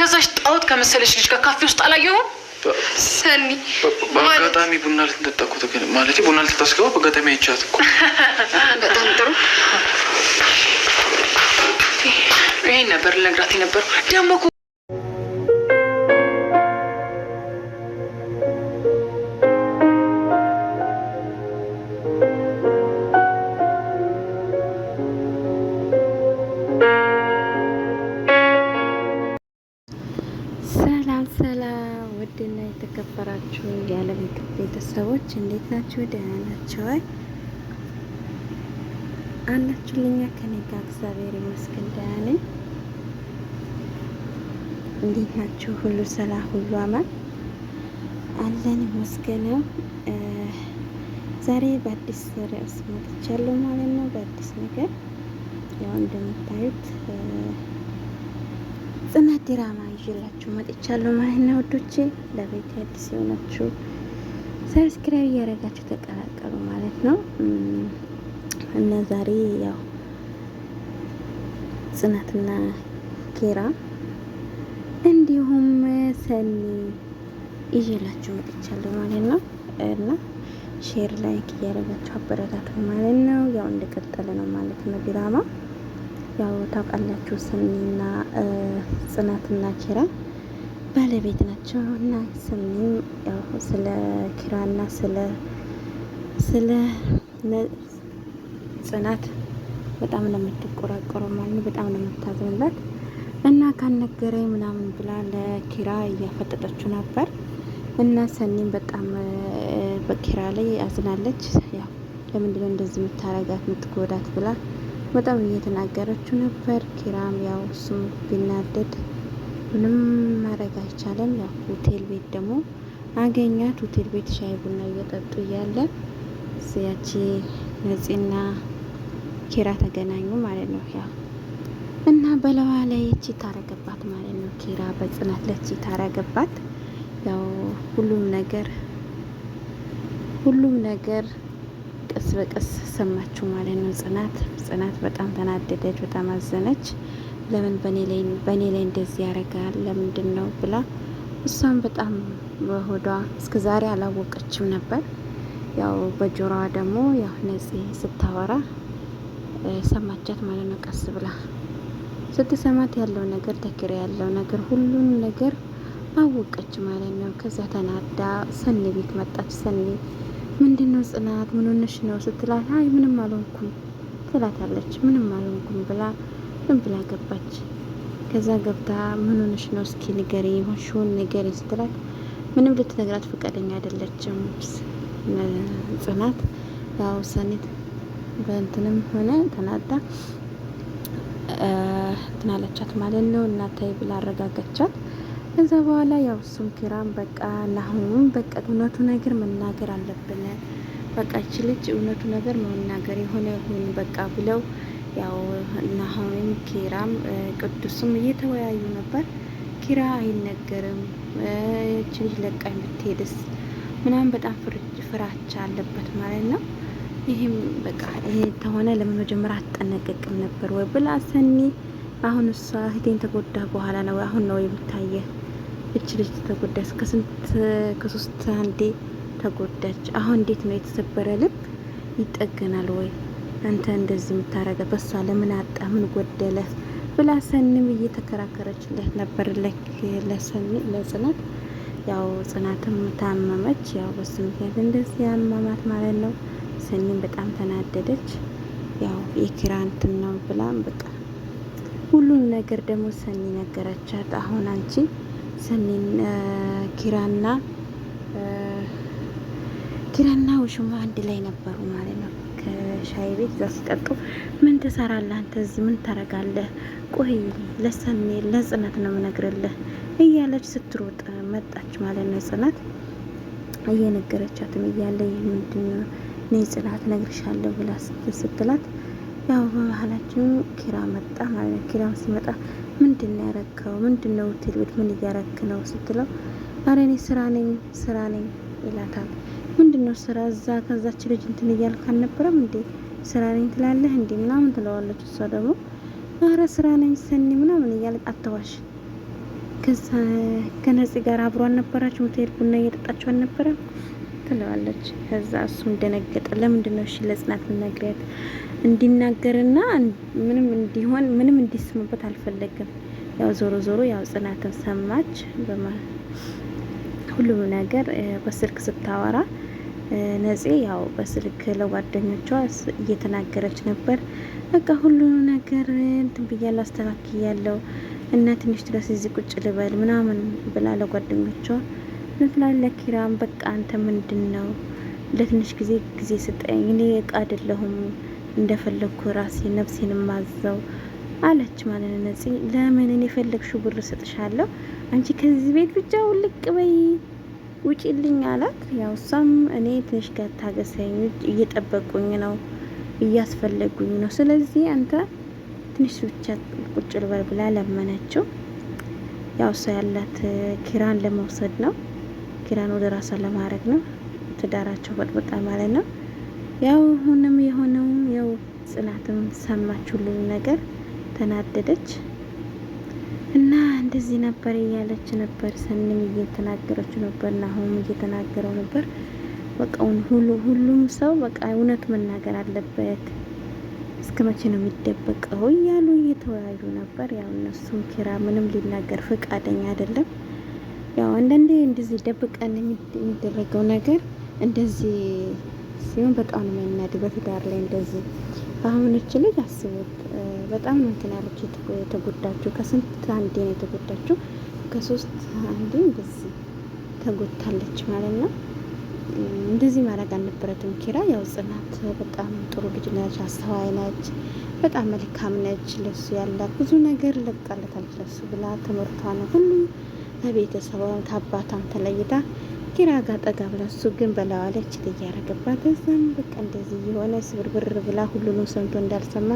ከዛች ጣዖት ከመሰለች ልጅ ጋር ካፌ ውስጥ አላየሁም። ሰኒ በአጋጣሚ ቡና ልትጠጣ እኮ ማለት ቡና ልትታስገባ በአጋጣሚ አይቻት እኮ። በጣም ጥሩ ይሄን ነበር ልነግራት የነበርኩ ደግሞ ቤተሰቦች እንዴት ናችሁ? ደህና ናችሁ ወይ? አላችሁልኛ? ከኔ ጋር እግዚአብሔር ይመስገን ደህና ነኝ። እንዴት ናችሁ? ሁሉ ሰላም፣ ሁሉ አማን አለን፣ ይመስገነው። ዛሬ በአዲስ ርዕስ መጥቻለሁ ማለት ነው፣ በአዲስ ነገር ያው እንደምታዩት ጽናት ድራማ ይዤላችሁ መጥቻለሁ ማለት ነው። ወዶቼ ለቤት አዲስ የሆናችሁ ሰብስክራይብ እያደረጋችሁ ተቀላቀሉ ማለት ነው። እና ዛሬ ያው ጽናትና ኬራ እንዲሁም ሰኒ ይዤላችሁ መጥቻለሁ ማለት ነው። እና ሼር ላይክ እያደረጋችሁ አበረታቱ ማለት ነው። ያው እንደቀጠለ ነው ማለት ነው ድራማ ያው ታውቃላችሁ ሰኒና ጽናትና ኬራ ባለቤት ናቸው እና ስሚም ያው ስለ ኪራና ስለ ስለ ጽናት በጣም ነው የምትቆራቆረው ማለት በጣም ነው የምታዝንላት እና ካነገረኝ ምናምን ብላ ለኪራ እያፈጠጠችው ነበር እና ሰኒም በጣም በኪራ ላይ አዝናለች። ያው ለምንድነው እንደዚህ የምታረጋት የምትጎዳት ብላ በጣም እየተናገረችው ነበር። ኪራም ያው እሱም ቢናደድ ምንም ማድረግ አይቻልም። ያው ሆቴል ቤት ደግሞ አገኛት። ሆቴል ቤት ሻይ ቡና እየጠጡ እያለ ያቺ ነፂና ኪራ ተገናኙ ማለት ነው። ያው እና በለዋ ላይ እቺ ታረገባት ማለት ነው። ኪራ በጽናት ለቺ ታረገባት። ያው ሁሉም ነገር ሁሉም ነገር ቀስ በቀስ ሰማችሁ ማለት ነው። ጽናት ጽናት በጣም ተናደደች፣ በጣም አዘነች። ለምን በእኔ ላይ እንደዚህ ያደርጋል ለምንድን ነው ብላ እሷም በጣም በሆዷ እስከ ዛሬ አላወቀችም ነበር። ያው በጆሮዋ ደግሞ ያው ነፂ ስታወራ ሰማቻት ማለት ነው። ቀስ ብላ ስትሰማት ያለው ነገር ተክሬ ያለው ነገር ሁሉን ነገር አወቀች ማለት ነው። ከዛ ተናዳ ሰኒ ቤት መጣች። ሰኒ ምንድን ነው ጽናት፣ ምን ሆነሽ ነው ስትላት፣ አይ ምንም አልሆንኩም ትላታለች። ምንም አልሆንኩም ብላ ዝም ብላ ገባች። ከዛ ገብታ ምን ሆነሽ ነው እስኪ ንገሪ፣ የሆንሽውን ንገሪ ስትላት ምንም ልትነግራት ፈቃደኛ አይደለችም። ጽናት ያው ሰኒት በእንትንም ሆነ ተናዳ ትናለቻት ማለት ነው። እናታይ ብላ አረጋጋቻት። ከዛ በኋላ ያው እሱም ኪራም በቃ ናሁም በቃ እውነቱ ነገር መናገር አለብን፣ በቃ ይቺ ልጅ እውነቱ ነገር መናገር የሆነ ይሁን በቃ ብለው ያው ናሆምም ኪራም ቅዱስም እየተወያዩ ነበር። ኪራ አይነገርም እች ልጅ ለቃ የምትሄድስ ምናምን በጣም ፍራቻ አለበት ማለት ነው። ይህም በቃ ይሄ ተሆነ ለምን መጀመሪያ አትጠነቀቅም ነበር ወይ ብላ ሰኒ አሁን እሷ እህቴን ተጎዳ በኋላ ነው አሁን ነው የምታየ እች ልጅ ተጎዳ ከስንት ከሶስት አንዴ ተጎዳች። አሁን እንዴት ነው የተሰበረ ልብ ይጠገናል ወይ? አንተ እንደዚህ የምታረገ በሷ ለምን አጣ ምን ጎደለ ብላ ሰኒ ብዬ ተከራከረችለት ነበር ለሰኒ ለጽናት ያው ጽናትም ታመመች ያው በሱ ምክንያት እንደዚህ ያመማት ማለት ነው ሰኒም በጣም ተናደደች ያው የኪራንትን ነው ብላም በቃ ሁሉን ነገር ደግሞ ሰኒ ነገረቻት አሁን አንቺ ሰኒን ኪራና ኪራና ውሽማ አንድ ላይ ነበሩ ማለት ነው ከሻይ ቤት እዛ ሲጠጡ ምን ትሰራለህ አንተ እዚህ ምን ታረጋለህ? ቆይ ለሰኔ ለጽናት ነው ምነግርልህ እያለች ስትሮጥ መጣች ማለት ነው። ጽናት እየነገረቻትም እያለ ይህ ምንድን ነው ጽናት ነግርሻለሁ ብላ ስትላት ያው በባህላችን ኪራ መጣ ማለት ነው። ኪራም ሲመጣ ምንድን ነው ያረከው? ምንድን ነው ትልብት ምን እያረክ ነው ስትለው አረ እኔ ስራ ነኝ ስራ ነኝ ይላታል። ምንድን ነው ስራ እዛ ከዛች ልጅ እንትን እያልክ አልነበረም እንዴ? ስራ ነኝ ትላለህ እንዴ ምናምን ትለዋለች። እሷ ደግሞ አረ ስራ ነኝ ሰኒ ምናምን እያል አተዋሽ። ከነጽ ጋር አብሮ አልነበራችሁ ሆቴል ቡና እየጠጣችሁ አልነበረም ትለዋለች። ከዛ እሱ እንደነገጠ ለምንድን ነው እሺ ለጽናት ምናግሪያት እንዲናገርና ምንም እንዲሆን ምንም እንዲስምበት አልፈለግም። ያው ዞሮ ዞሮ ያው ጽናትን ሰማች በማ ሁሉም ነገር በስልክ ስታወራ ነጼ ያው በስልክ ለጓደኞቿ እየተናገረች ነበር። በቃ ሁሉም ነገር እንትን ብያለሁ አስተካክያለሁ እና ትንሽ ድረስ እዚህ ቁጭ ልበል ምናምን ብላ ለጓደኞቿ ምትላል። ለኪራም በቃ አንተ ምንድን ነው ለትንሽ ጊዜ ጊዜ ስጠኝ፣ እኔ እቃ አይደለሁም እንደፈለግኩ ራሴ ነፍሴን ማዘው አለች ማለት ነው። ነጺ ለምን እኔ የፈለግሽው ብር ስጥሻለሁ አንቺ ከዚህ ቤት ብቻ ውልቅ በይ ውጪልኝ አላት። ያው እሷም እኔ ትንሽ ከታገሰኝ እየጠበቁኝ ነው፣ እያስፈለጉኝ ነው፣ ስለዚህ አንተ ትንሽ ብቻ ቁጭ ልበል ብላ ለመነችው። ያው እሷ ያላት ኪራን ለመውሰድ ነው፣ ኪራን ወደ ራሷ ለማድረግ ነው። ትዳራቸው በጥብጣ ማለት ነው። ያው ሁንም የሆነው ያው ጽናትም ሰማችሁልኝ ነገር ተናደደች እና እንደዚህ ነበር እያለች ነበር። ሰንም እየተናገረች ነበር፣ ናሆም እየተናገረው ነበር። በቃውን ሁሉ ሁሉም ሰው በቃ እውነት መናገር አለበት። እስከ መቼ ነው የሚደበቀው? እያሉ እየተወያዩ ነበር። ያው እነሱም ኪራ ምንም ሊናገር ፈቃደኛ አይደለም። ያው አንዳንዴ እንደዚህ ደብቀን የሚደረገው ነገር እንደዚህ ሲሆን በጣም ነው የሚያናድ። በትዳር ላይ እንደዚህ አሁን እች ልጅ አስቡት በጣም ነው እንትን ያለች የተጎዳችው። ከስንት አንዴ ነው የተጎዳችው፣ ከሶስት አንዴ እንደዚህ ተጎድታለች ማለት ነው። እንደዚህ ማድረግ አልነበረትም። ኪራ ያው ጽናት በጣም ጥሩ ልጅ ነች፣ አስተዋይ ነች፣ በጣም መልካም ነች። ለሱ ያላት ብዙ ነገር ለቃለታለች ለሱ ብላ ትምህርቷ ነው ሁሉ ከቤተሰቧም ከአባቷም ተለይታ ኪራ ጋር ጠጋ ብላ እሱ ግን በላዋ ላይ ችት እያረገባት እዛም በቃ እንደዚህ የሆነ ስብርብር ብላ ሁሉንም ሰምቶ እንዳልሰማ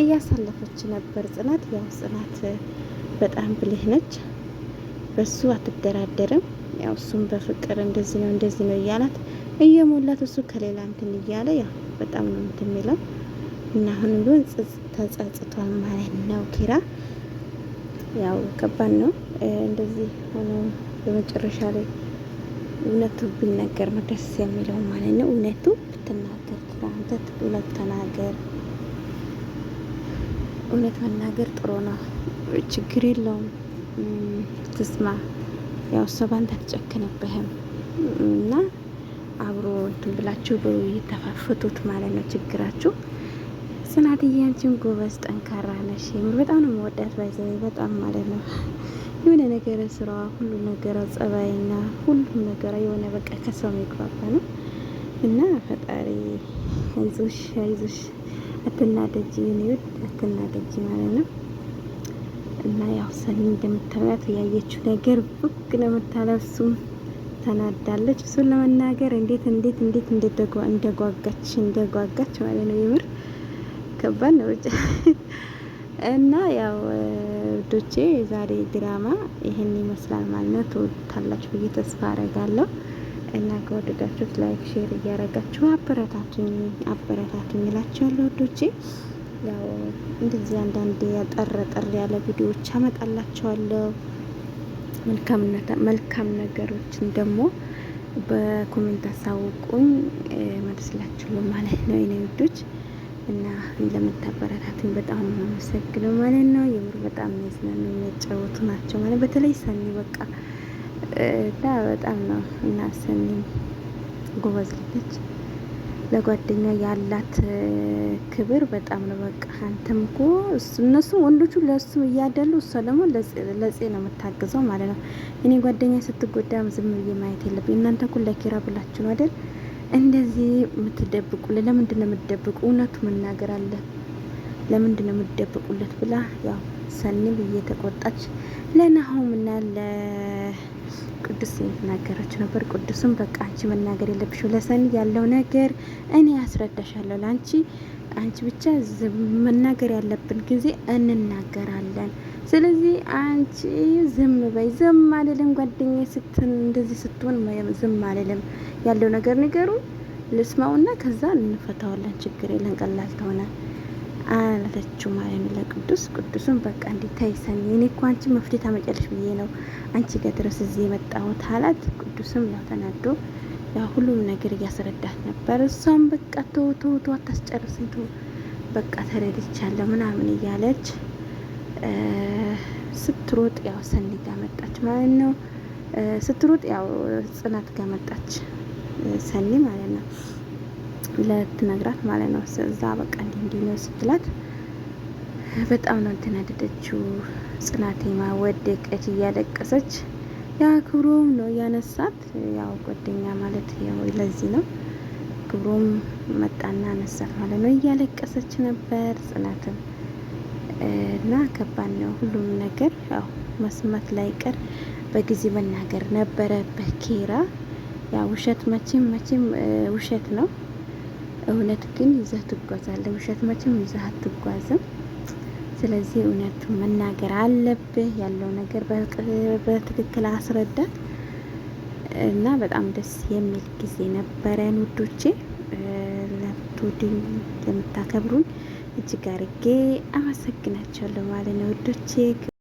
እያሳለፈች ነበር። ጽናት ያው ጽናት በጣም ብልህ ነች፣ በሱ አትደራደርም። ያው እሱም በፍቅር እንደዚህ ነው እንደዚህ ነው እያላት እየሞላት እሱ ከሌላ እንትን እያለ ያው በጣም ነው እንትን የሚለው እና አሁንም ቢሆን ተጸጽቷል ማለት ነው። ኪራ ያው ከባድ ነው እንደዚህ ሆኖ በመጨረሻ ላይ እውነቱ ቢነገር ነው ደስ የሚለው ማለት ነው። እውነቱ ብትናገር አንተ እውነት ተናገር። እውነት መናገር ጥሩ ነው፣ ችግር የለውም። ትስማ ያው እሷ ባንተ አትጨክንብህም እና አብሮ እንትን ብላችሁ የተፋፈቱት ማለት ነው ችግራችሁ። ጽናትዬ አንቺን ጎበዝ ጠንካራ ነሽ። በጣም ነው መወዳት ባይዘ በጣም ማለት ነው የሆነ ነገር ስራ ሁሉ ነገር ጸባይና ሁሉም ነገር የሆነ በቃ ከሰው የሚግባባ ነው እና ፈጣሪ አይዞሽ አይዞሽ አትናደጂ የኔ ውድ አትናደጂ ማለት ነው። እና ያው ሰኒ እንደምታዩት ያየችው ነገር ብቅ ነው የምታለው። ተናዳለች። እሱን ለመናገር እንዴት እንዴት እንዴት እንደደጓ እንደጓጋች እንደጓጋች ማለት ነው። የምር ከባድ ነው ብቻ እና ያው ውዶቼ የዛሬ ድራማ ይሄን ይመስላል ማለት ነው። ትወዱታላችሁ ብዬ ተስፋ አረጋለሁ። እና ከወደዳችሁት ላይክ፣ ሼር እያረጋችሁ አበረታቱኝ አበረታቱኝ እላችኋለሁ ውዶቼ። ያው እንደዚህ አንዳንድ ያጠረ ጠር ያለ ቪዲዮዎች አመጣላችኋለሁ። መልካም ነገሮችን ደግሞ በኮሜንት አሳውቁኝ መልስላችኋለሁ ማለት ነው የኔ ውዶች። እና ለምታበረታቱኝ በጣም ነው የማመሰግነው ማለት ነው። የምር በጣም የሚያዝናኑ የሚያጫወቱ ናቸው ማለት በተለይ ሰኒ በቃ እና በጣም ነው እና ሰኒ ጎበዝ ልጅ ለጓደኛ ያላት ክብር በጣም ነው። በቃ አንተም እኮ እነሱ ወንዶቹ ለሱ እያደሉ እሷ ደግሞ ለጼ ነው የምታግዘው ማለት ነው። እኔ ጓደኛ ስትጎዳም ዝም ብዬ ማየት የለብኝ። እናንተ እኮ ለኪራ ብላችሁ ነው አይደል እንደዚህ የምትደብቁለት ለምንድን ነው የምትደብቁ? እውነቱ መናገር አለ ለምንድን ነው የምትደብቁለት ብላ ያው ብዬ እየተቆጣች ለናሆም እና ለቅዱስ እየተናገረችው ነበር። ቅዱስም በቃ አንቺ መናገር የለብሽም ለሰኒ ያለው ነገር እኔ አስረዳሻለሁ ለአንቺ አንቺ ብቻ መናገር ያለብን ጊዜ እንናገራለን። ስለዚህ አንቺ ዝም በይ። ዝም አልልም ጓደኛ ስትን እንደዚህ ስትሆን ዝም አልልም ያለው ነገር ንገሩ ልስማውና ከዛ እንፈታዋለን። ችግር የለን ቀላል ተሆነ አላለችው ማለት ለቅዱስ። ቅዱስም በቃ እንዴት ታይሰኝ እኔ እኮ አንቺ መፍትሄ ታመጫለሽ ብዬ ነው አንቺ ጋር ድረስ እዚህ የመጣሁት አላት። ቅዱስም ያው ተናዶ ሁሉም ነገር እያስረዳት ነበር። እሷም በቃ ተውቶ አታስጨርስም ተው በቃ ተረድቻለሁ ምናምን እያለች ስትሮጥ ያው ሰኒ ጋር መጣች ማለት ነው። ስትሮጥ ያው ጽናት ጋር መጣች ሰኒ ማለት ነው። ለትነግራት ማለት ነው። እዛ በቃ እንዲህ እንዲህ ነው ስትላት በጣም ነው እንትን ያደደችው ጽናቴ፣ ወደቀች እያለቀሰች ያ ክብሮም ነው ያነሳት። ያው ጓደኛ ማለት ያው ለዚህ ነው ክብሮም መጣና አነሳት ማለት ነው። እያለቀሰች ነበር ጽናትም እና ከባድ ነው ሁሉም ነገር ያው መስማት ላይ ቀር በጊዜ መናገር ነበረበት ኪራ። ያው ውሸት መቼም መቼም ውሸት ነው፣ እውነት ግን ይዘህ ትጓዛለህ። ውሸት መቼም ይዘህ አትጓዝም። ስለዚህ እውነቱ መናገር አለብህ፣ ያለው ነገር በትክክል አስረዳት እና በጣም ደስ የሚል ጊዜ ነበረን ውዶቼ። ለምትወዱኝ ለምታከብሩኝ እጅግ አርጌ አመሰግናቸዋለሁ ማለት ነው ውዶቼ።